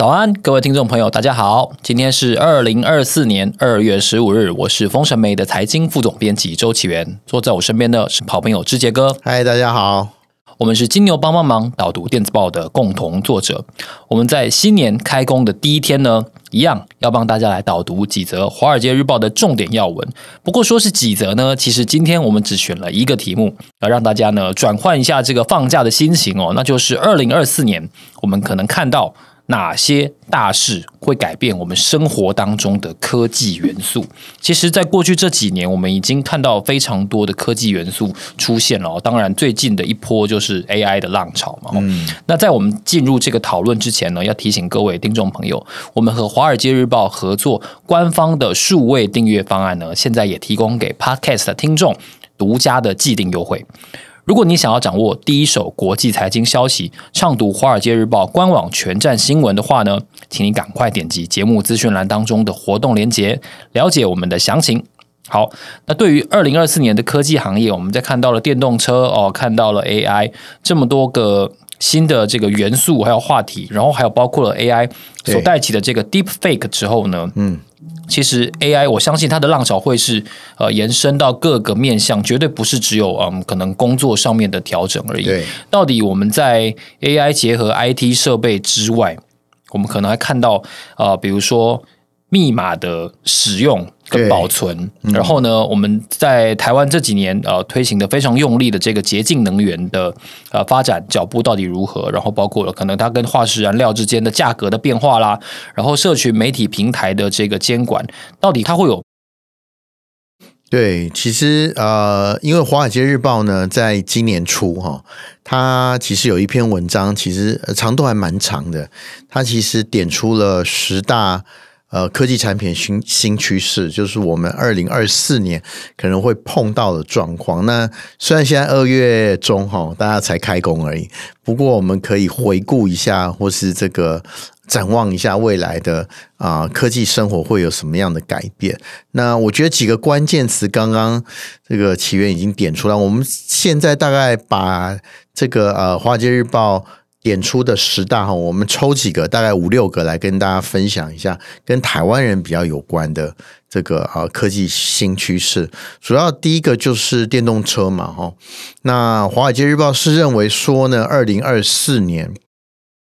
早安，各位聽眾朋友，大家好！今天是二零二四年二月十五日，我是風傳媒的財經副總編輯周岐原，坐在我身邊的是好朋友之杰哥。嗨，大家好，我們是金牛幫幫忙導讀電子報的共同作者。我們在新年開工的第一天呢，一樣要幫大家來導讀幾則《華爾街日報》的重點要聞。不過，說是幾則呢？其實今天我們只選了一個題目，要讓大家呢轉換一下這個放假的心情哦。那就是二零二四年，我們可能看到。哪些大事會改變我們生活當中的科技元素？其實，在過去這幾年，我們已經看到非常多的科技元素出現了。當然，最近的一波就是 AI 的浪潮嘛。嗯，那在我們進入這個討論之前呢，要提醒各位聽眾朋友，我們和《華爾街日報》合作官方的數位訂閱方案呢，現在也提供給 Podcast 的聽眾獨家的季訂優惠。如果你想要掌握第一手國際財經消息，暢讀《華爾街日報》官網全站新聞的話呢，請你趕快點擊節目資訊欄當中的活動鏈接，了解我們的詳情。好，那對於二零二四年的科技行業，我們在看到了電動車哦，看到了 AI 這麼多個新的這個元素還有話題，然後還有包括了 AI 所帶起的這個 Deepfake 之後呢，嗯。其實 AI，我相信它的浪潮會是呃延伸到各個面向，絕對不是只有嗯可能工作上面的調整而已。到底我們在 AI 結合 IT 設備之外，我們可能還看到呃，比如說密碼的使用。跟保存、嗯，然後呢，我們在台灣這幾年呃推行的非常用力的這個潔淨能源的呃發展腳步到底如何？然後包括了可能它跟化石燃料之間的價格的變化啦，然後社群媒體平台的這個監管到底它會有？對，其實呃，因為《華爾街日報》呢，在今年初哈，它其實有一篇文章，其實長度還蠻長的，它其實點出了十大。呃，科技產品新新趨勢，就是我們二零二四年可能會碰到的狀況。那雖然現在二月中吼，大家才開工而已，不過我們可以回顧一下，或是這個展望一下未來的啊、呃、科技生活會有什麼樣的改變。那我覺得幾個關鍵詞，剛剛這個岐原已經點出來。我們現在大概把這個呃《華爾街日報》。點出的十大哈，我們抽幾個，大概五六個來跟大家分享一下，跟台灣人比較有關的這個啊科技新趨勢。主要第一個就是電動車嘛，哈，那華爾街日報是認為說呢，二零二四年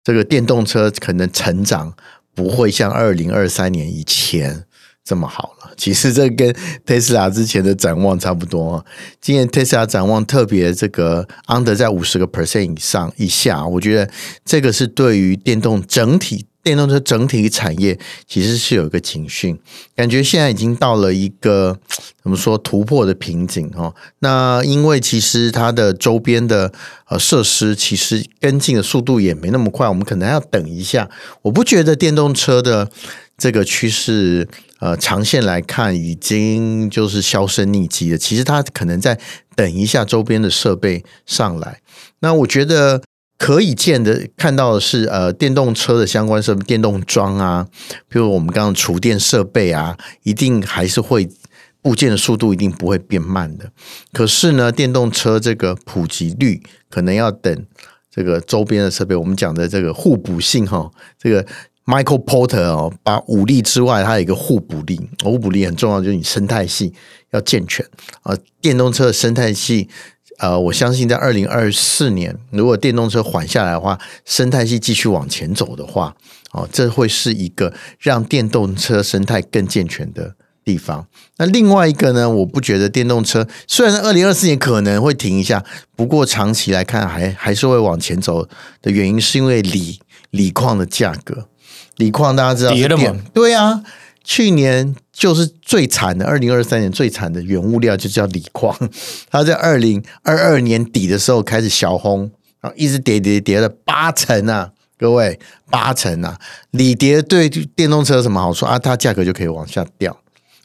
這個電動車可能成長不會像二零二三年以前，這麼好了，其實這跟特斯拉之前的展望差不多。今年特斯拉展望特別這個 under 在五十個 percent 以上以下，我覺得這個是對於電動整體電動車整體產業其實是有一個警訊，感覺現在已經到了一個怎麼說突破的瓶頸哦。那因為其實它的周邊的呃設施其實跟進的速度也沒那麼快，我們可能要等一下。我不覺得電動車的這個趨勢。呃，長線來看已經就是銷聲匿跡了。其實它可能在等一下周邊的設備上來。那我覺得可以見的看到的是，呃，電動車的相關設備，電動樁啊，比如我們剛剛儲電設備啊，一定還是會部件的速度一定不會變慢的。可是呢，電動車這個普及率可能要等這個周邊的設備，我們講的這個互補性哈、哦，這個。Michael Porter 哦，把武力之外，它有一個互補力。互補力很重要，就是你生態系要健全。啊，電動車的生態系，呃，我相信在二零二四年，如果電動車緩下來的話，生態系繼續往前走的話，哦，這會是一個讓電動車生態更健全的地方。那另外一個呢，我不覺得電動車，雖然在二零二四年可能會停一下，不過長期來看還還是會往前走的原因，是因為鋰鋰礦的價格。鋰礦大家知道跌了嗎？對啊，去年就是最慘的，二零二三年最慘的原物料就叫鋰礦，它在二零二二年底的時候開始小轟，啊，一直跌跌跌了八成啊，各位，八成啊，鋰跌對電動車有什麼好處啊？它價格就可以往下掉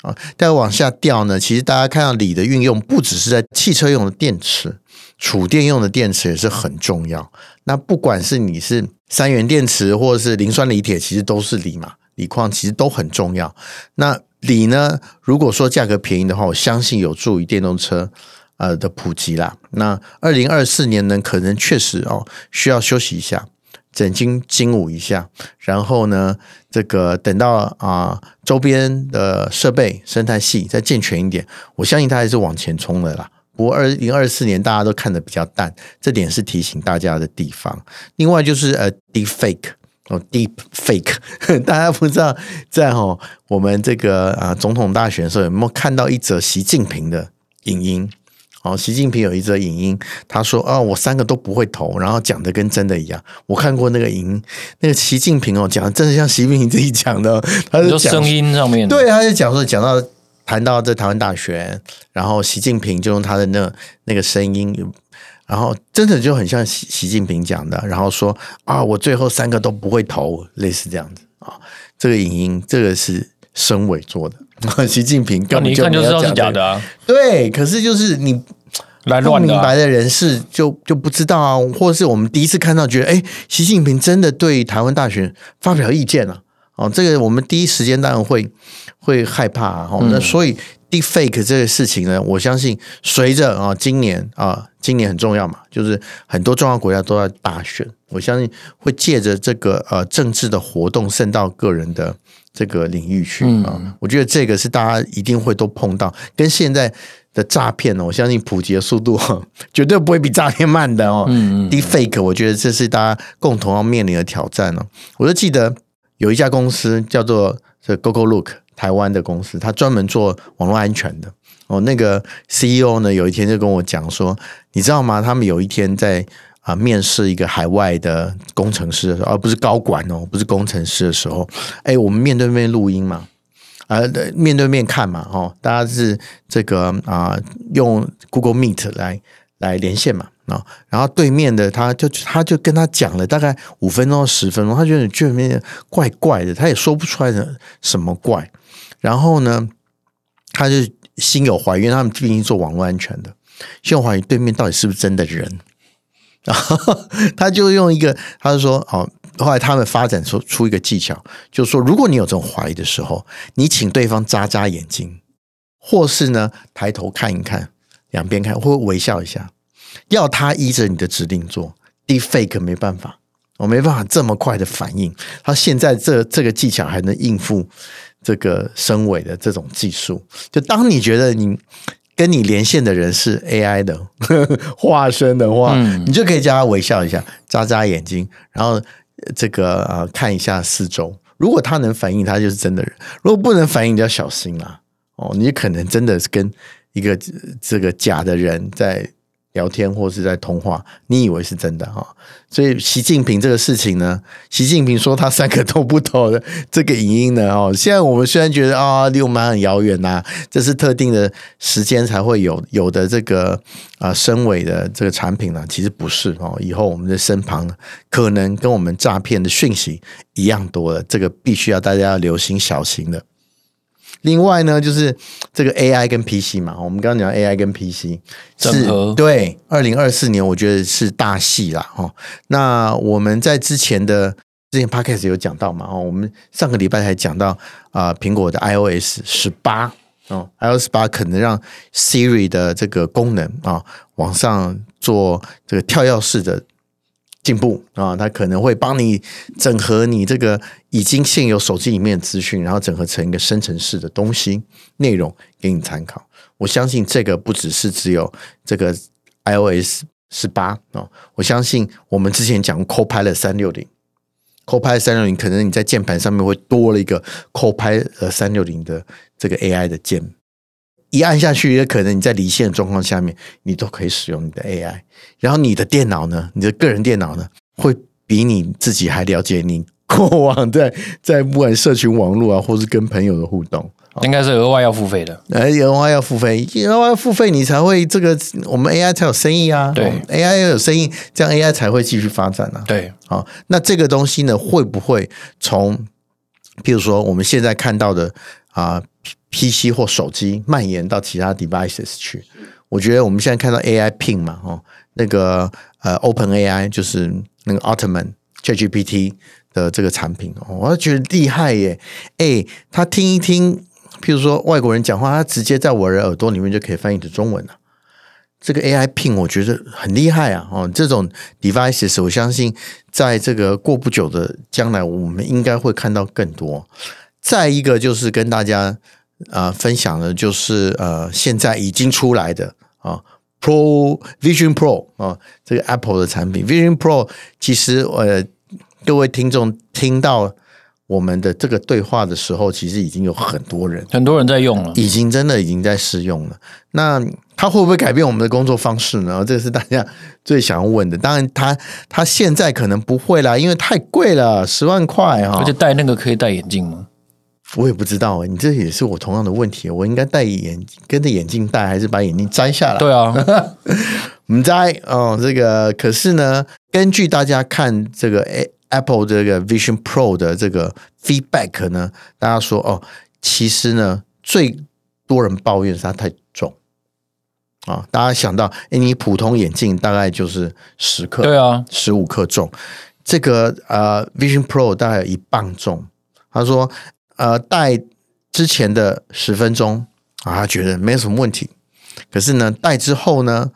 啊，但往下掉呢，其實大家看到鋰的運用不只是在汽車用的電池。儲電用的電池也是很重要，那不管是你是三元電池，或者是磷酸鋰鐵，其實都是鋰嘛，鋰礦其實都很重要。那鋰呢，如果說價格便宜的話，我相信有助於電動車呃的普及啦。那二零二四年呢，可能確實哦需要休息一下，整軍經武一下。然後呢，這個等到啊、呃、周邊的設備生態系再健全一點，我相信它還是往前衝的啦。不過二零二四年大家都看得比較淡，這點是提醒大家的地方。另外就是呃，deep fake 哦，deep fake，大家不知道在哈我們這個啊總統大選的時候有沒有看到一則習近平的影音？哦，習近平有一則影音，他說啊、哦，我三個都不會投，然後講的跟真的一樣。我看過那個影音，那個習近平哦，講的真的像習近平自己講的，他就講就聲音上面，對，他就講說講到。談到這台灣大學，然後習近平就用他的那那個聲音，然後真的就很像習習近平講的，然後說啊，我最後三個都不會投，類似這樣子啊、哦。這個影音，這個是深偽做的。習近平剛、啊、一看就知道是假的、啊，對。可是就是你亂亂、啊、不明白的人士就就不知道啊，或者是我們第一次看到，覺得哎，習、欸、近平真的對台灣大學發表意見了啊、哦。這個我們第一時間當然會。會害怕哦、嗯，那所以 deepfake 這個事情呢，我相信隨着啊，今年啊，今年很重要嘛，就是很多重要國家都在大選，我相信會借着這個呃、啊、政治的活動滲到個人的這個領域去啊。我覺得這個是大家一定會都碰到，跟現在的詐騙呢，我相信普及的速度、啊、絕對不會比詐騙慢的哦、嗯嗯。deepfake，我覺得這是大家共同要面臨的挑戰哦。我就記得有一家公司叫做 GoGoLook。台灣的公司，他專門做網絡安全的哦。那個 CEO 呢，有一天就跟我講說：“你知道嗎？他們有一天在啊、呃、面試一個海外的工程師的時候，而、呃、不是高管哦，不是工程師的時候，哎、欸，我們面對面錄音嘛，呃，面對面看嘛，哦，大家是這個啊、呃，用 Google Meet 來來連線嘛，啊、哦，然後對面的他就他就跟他講了大概五分鐘十分鐘，他覺得這裡怪怪的，他也說不出來的什麼怪。”然後呢，他就心有懷疑，因為他們畢竟做網絡安全的，心有懷疑對面到底是不是真的人。然後他就用一個，他就說：“哦，後來他們發展出出一個技巧，就是說如果你有這種懷疑的時候，你請對方眨眨眼睛，或是呢抬頭看一看，兩邊看，或微笑一下，要他依着你的指令做。deepfake 沒辦法，我、哦、沒辦法這麼快的反應。他現在這這個技巧還能應付。”這個深偽的這種技術，就當你覺得你跟你連線的人是 AI 的 化身的話，你就可以叫他微笑一下，眨眨眼睛，然後這個啊看一下四周。如果他能反應，他就是真的人；如果不能反應，你就要小心啦。哦，你可能真的是跟一個這個假的人在。聊天或是在通話，你以為是真的哈？所以習近平這個事情呢，習近平說他三個都不懂的這個影音呢，哦，現在我們雖然覺得啊，離我們很遙遠吶，這是特定的時間才會有有的這個啊，深偽的這個產品呢，其實不是哦，以後我們的身旁可能跟我們詐騙的訊息一樣多了，這個必須要大家要留心小心的。另外呢，就是這個 A I 跟 P C 嘛，我們剛剛講 A I 跟 P C 是對，二零二四年我覺得是大戲啦，哈。那我們在之前的之前 Podcast 有講到嘛，哦，我們上個禮拜才講到啊，蘋果的 iOS 十八，哦，iOS 十八可能讓 Siri 的這個功能啊往上做這個跳躍式的。進步啊，它可能會幫你整合你這個已經現有手機裡面的資訊，然後整合成一個生成式的東西內容給你參考。我相信這個不只是只有這個 iOS 十八啊，我相信我們之前講 Copilot 三六零，Copilot 三六零可能你在鍵盤上面會多了一個 Copilot 三六零的這個 AI 的鍵。一按下去，也可能你在離線的狀況下面，你都可以使用你的 AI。然後你的電腦呢，你的個人電腦呢，會比你自己還了解你過往在在不管社群網絡啊，或是跟朋友的互動，應該是額外要付費的。額外要付費，額外要付費，你才會這個我們 AI 才有生意啊。對，AI 要有生意，這樣 AI 才會繼續發展啊。對，好，那這個東西呢，會不會從譬如說我們現在看到的啊？P C 或手機蔓延到其他 devices 去，我覺得我們現在看到 A I pin 嘛，哦，那個呃，Open A I 就是那個 Altman ChatGPT 的這個產品，我覺得厲害耶！哎，他聽一聽，譬如說外國人講話，他直接在我的耳朵裡面就可以翻譯成中文了。這個 A I pin 我覺得很厲害啊！哦，這種 devices 我相信，在這個過不久的將來，我們應該會看到更多。再一個就是跟大家。啊、呃，分享的就是呃，現在已經出來的啊、哦、Pro Vision Pro 啊、哦，這個 Apple 的產品 Vision Pro，其實呃，各位聽眾聽到我們的這個對話的時候，其實已經有很多人，很多人在用了，已經真的已經在試用了。那它會不會改變我們的工作方式呢？這是大家最想要問的。當然它，它它現在可能不會啦，因為太貴了，十萬塊哈、哦。而且戴那個可以戴眼鏡嗎？我也不知道哎，你這也是我同樣的問題。我應該戴眼跟着眼鏡戴，還是把眼鏡摘下來？對啊，我們摘哦。這個可是呢，根據大家看這個 Apple 這個 Vision Pro 的這個 feedback 呢，大家說哦，其實呢，最多人抱怨是它太重啊、哦。大家想到、欸、你普通眼鏡大概就是十克，對啊，十五克重。這個、呃、Vision Pro 大概有一磅重。他說。呃，戴之前的十分鐘啊，他覺得沒什麼問題。可是呢，戴之後呢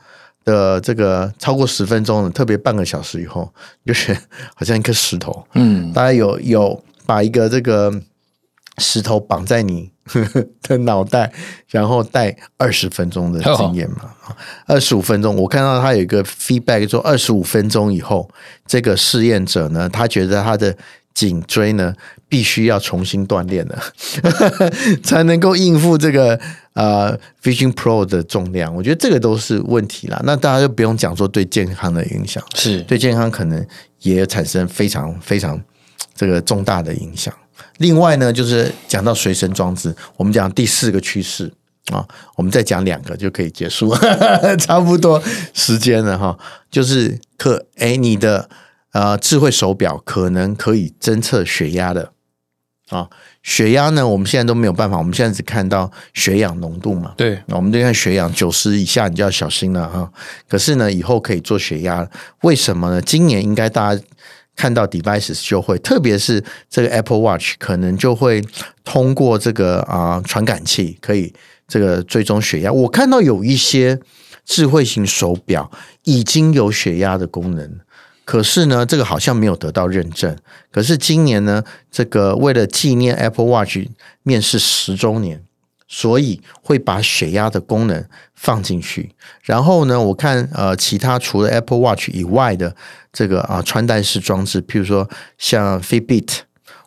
的這個超過十分鐘，特別半個小時以後，就是好像一顆石頭。嗯，大家有有把一個這個石頭綁在你的腦 袋，然後戴二十分鐘的經驗嘛，二十五分鐘。我看到他有一個 feedback 說，二十五分鐘以後，這個試驗者呢，他覺得他的。頸椎呢，必須要重新鍛鍊了呵呵，才能夠應付這個呃 Vision Pro 的重量。我覺得這個都是問題啦，那大家就不用講說對健康的影響，是對健康可能也產生非常非常這個重大的影響。另外呢，就是講到隨身裝置，我們講第四個趨勢啊，我們再講兩個就可以結束，呵呵差不多時間了哈、哦。就是可哎、欸，你的。啊、呃，智慧手錶可能可以偵測血壓的啊、哦，血壓呢，我們現在都沒有辦法，我們現在只看到血氧濃度嘛。對，那、啊、我們要看血氧九十以下，你就要小心了哈、哦。可是呢，以後可以做血壓，為什麼呢？今年應該大家看到 devices 就會，特別是這個 Apple Watch，可能就會通過這個啊呃、傳感器，可以這個追蹤血壓。我看到有一些智慧型手錶已經有血壓的功能。可是呢，這個好像沒有得到認證。可是今年呢，這個為了紀念 Apple Watch 面世十週年，所以會把血壓的功能放進去。然後呢，我看呃，其他除了 Apple Watch 以外的這個啊，穿戴式裝置，譬如說像 Fitbit，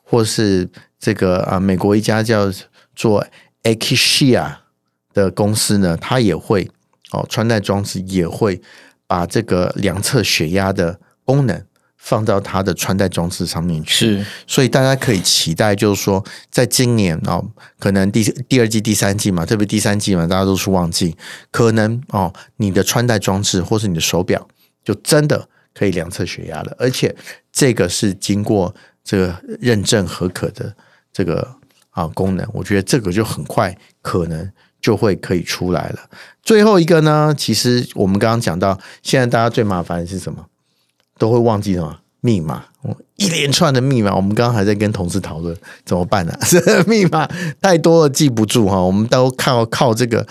或是這個啊，美國一家叫做 Akiia 的公司呢，它也會哦，穿戴裝置也會把這個量測血壓的功能放到它的穿戴裝置上面去，是，所以大家可以期待，就是說，在今年啊、哦，可能第第二季、第三季嘛，特別第三季嘛，大家都是旺季，可能哦，你的穿戴裝置或是你的手表就真的可以量測血壓了，而且這個是經過這個認證合格的這個啊、哦、功能，我覺得這個就很快可能就會可以出來了。最後一個呢，其實我們剛剛講到現在，大家最麻煩的是什麼？都會忘記什麼密碼，一連串的密碼，我們剛剛還在跟同事討論怎麼辦呢、啊？ 密碼太多了，記不住哈。我們都靠靠這個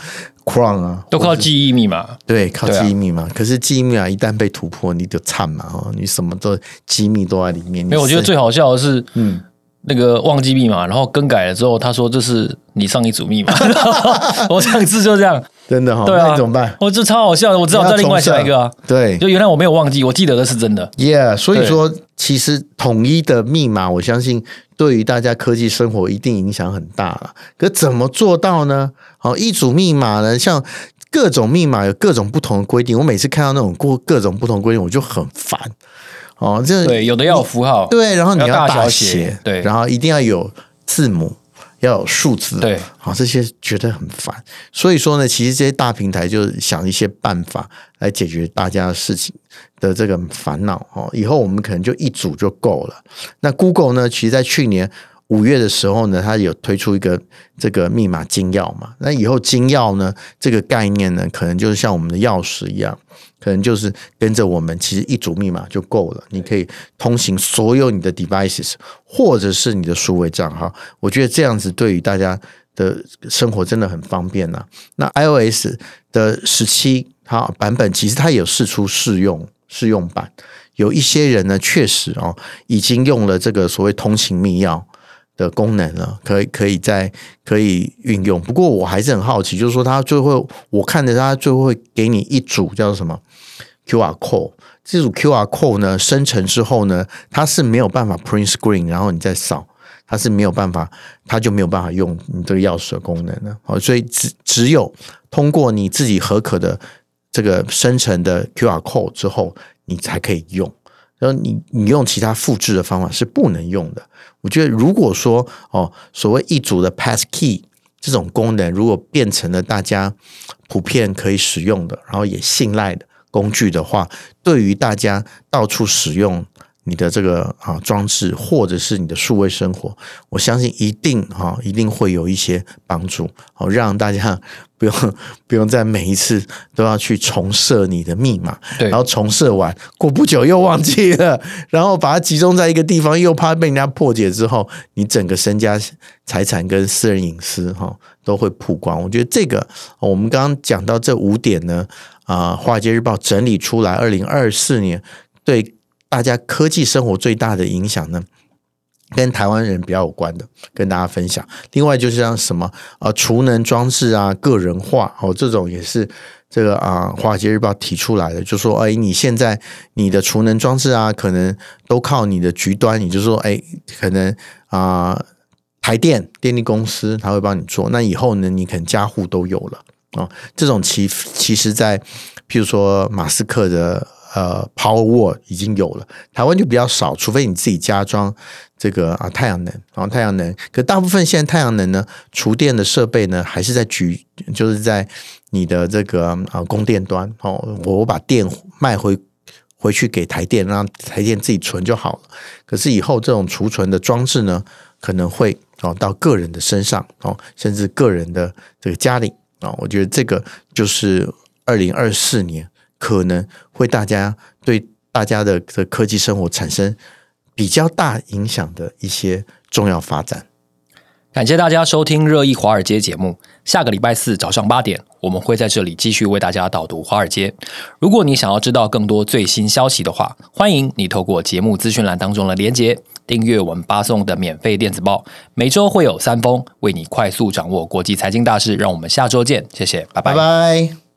Chrome 啊，都靠記憶密碼。對，靠記憶密碼、啊。可是記憶密碼一旦被突破，你就慘嘛！哦，你什麼都機密都在裡面。沒有，我覺得最好笑的是，嗯，那個忘記密碼，然後更改了之後，他說，這是你上一組密碼。 我上次就這樣。真的哈、哦啊，那怎麼辦？我這超好笑的，我只好再另外下一個啊。對，就原來我沒有忘記，我記得的是真的。耶、yeah，所以說其實統一的密碼，我相信對於大家科技生活一定影響很大了。可怎麼做到呢？好，一組密碼呢，像各種密碼有各種不同的規定。我每次看到那種過各種不同規定，我就很煩。哦，這有的要有符號，對，然後你要大小寫，對，然後一定要有字母。要有數字，對，好，這些覺得很煩，所以說呢，其實這些大平台就是想一些辦法來解決大家的事情的這個煩惱哦。以後我們可能就一組就夠了。那 Google 呢？其實，在去年。五月的時候呢，它有推出一個這個密碼金鑰嘛，那以後金鑰呢，這個概念呢，可能就是像我們的鑰匙一樣，可能就是跟着我們，其實一組密碼就夠了，你可以通行所有你的 devices 或者是你的數位賬號。我覺得這樣子對於大家的生活真的很方便吶、啊。那 iOS 的十七它版本，其實它有釋出試用試用版，有一些人呢，確實啊、哦，已經用了這個所謂通行密鑰。的功能了，可以可以再可以運用。不過我還是很好奇，就是說它最後我看着它最後會給你一組叫做什麼 QR code 這組 QR code 呢生成之後呢，它是沒有辦法 print screen，然後你再掃，它是沒有辦法，它就沒有辦法用你這個鑰匙的功能了。好，所以只只有通過你自己核可的這個生成的 QR code 之後，你才可以用。然後你你用其他複製的方法是不能用的。我覺得如果說哦，所謂一組的 pass key 這種功能，如果變成了大家普遍可以使用的，然後也信賴的工具的話，對於大家到處使用。你的這個啊裝置，或者是你的數位生活，我相信一定哈，一定會有一些幫助，好讓大家不用不用再每一次都要去重設你的密碼，然後重設完過不久又忘記了，然後把它集中在一個地方，又怕被人家破解之後，你整個身家財產跟私人隱私哈都會曝光。我覺得這個我們剛剛講到這五點呢，啊，華爾街日報整理出來二零二四年對。大家科技生活最大的影響呢，跟台灣人比較有關的，跟大家分享。另外就是像什麼啊，儲能裝置啊，個人化哦，這種也是這個啊，《華爾街日報》提出來的，就說誒、欸，你現在你的儲能裝置啊，可能都靠你的局端，也就是說誒、欸，可能啊、呃，台電電力公司他會幫你做。那以後呢，你可能家戶都有了啊、哦，這種其其實，在譬如說馬斯克的。呃、uh，Powerwall 已經有了，台灣就比較少，除非你自己加裝這個啊太陽能，然、哦、後太陽能。可大部分現在太陽能呢，儲電的設備呢，還是在局，就是在你的這個啊供電端哦，我把電賣回回去給台電，讓台電自己存就好了。可是以後這種儲存的裝置呢，可能會哦到個人的身上哦，甚至個人的這個家裡啊、哦，我覺得這個就是二零二四年。可能會大家對大家的科技生活產生比較大影響的一些重要發展。感謝大家收聽《熱議華爾街》節目，下個禮拜四早上八點，我們會在這裡繼續為大家導讀華爾街。如果你想要知道更多最新消息的話，歡迎你透過節目資訊欄當中的連結訂閱我們發送的免費電子報，每周會有三封，為你快速掌握國際財經大事。讓我們下周見，謝謝，拜拜。拜拜